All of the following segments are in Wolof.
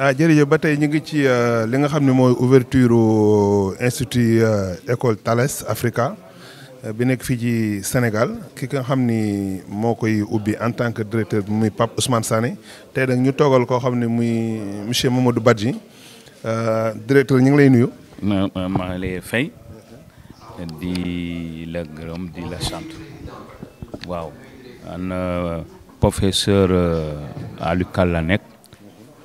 ah vous ba tey ci euh, li euh, euh, école Thales Africa bi Sénégal ki nga de en tant que directeur Pape Ousmane Sané Nous avons ñu monsieur Mamadou Badji directeur l'école lay Je suis lay fay di la professeur à l'UQAL,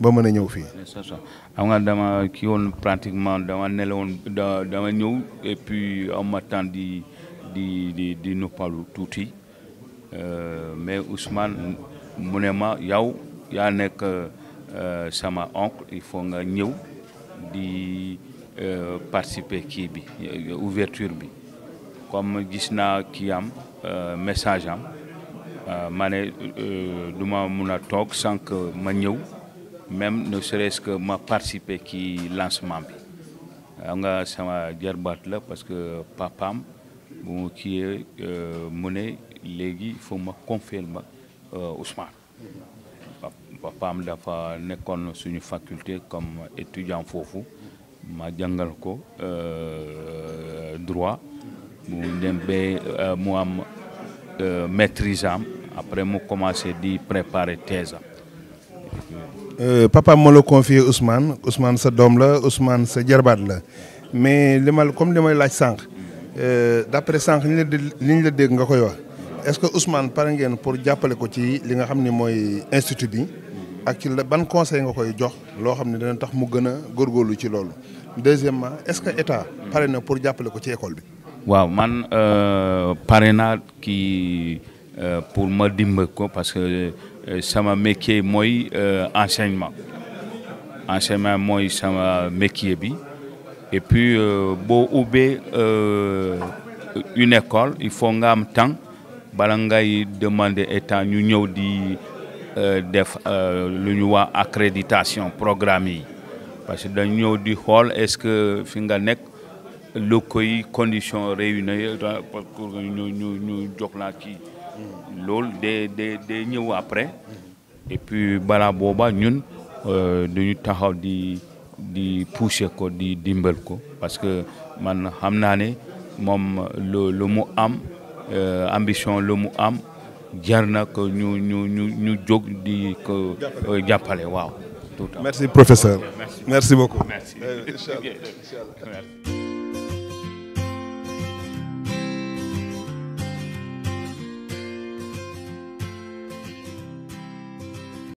ba mën a ñëw fii. xam nga dama ki woon pratiquement dama nele woon dama ñëw et puis am ma temps di di di di noppalu tuuti euh, mais Ousmane mu ne ma yow yaa nekk euh, sama oncle il faut nga ñëw di euh, participer ki bi ouverture bi comme gis naa kii am euh, message am euh, mané euh, ma mëna tok sans que ma ñëw même ne serait-ce que ma participer qui lancement bi nga sama jarbaat la parce que papam bu est kiiyee euh, mu il faut ma confier ma euh, Ousmane papaam dafa nekkoon suñu faculté comme étudiant fofu ma jangal ko euh, droit mu dem ba mu maîtrise am après mu commencé di préparer thèse euh, papa moo la confié Ousmane Ousmane sa doom la Ousmane sa jarbaat la mais li ma comme li may laaj sànq euh, d'après sànq li ñu la dégg nga koy wax est-ce que Ousmane pare ngeen pour jàppale ko ci li nga xam ne mooy institut bi ak ci ban conseil nga koy jox loo xam ne dana tax mu gën a ci loolu deuxièmement est-ce que état pare na pour jàppale ko ci école bi. waaw man euh, pare qui kii pour ma dimbali ko parce que. Euh, sama métier mooy euh, enseignement enseignement mooy sama métier bi et puis euh, boo ubbee une école il faut nga am temps bala ngay demander état ñu ñëw di def lu ñu wax accréditation programme yi parce que dañ ñëw di xool est-ce que fi nga nekk locaux yi conditions réunies pour ñu ñu ñu jox kii. loolu day day day après et puis bala boba, ñun euh, dañu taxaw di di pousser ko di dimbal ko parce que man xam naa ne le mu am euh, ambition le mu am jarna ko ñu ñu ñu ñu jóg di ko euh, jappalé waaw. tout à fait merci professeur. merci beaucoup merci. Euh,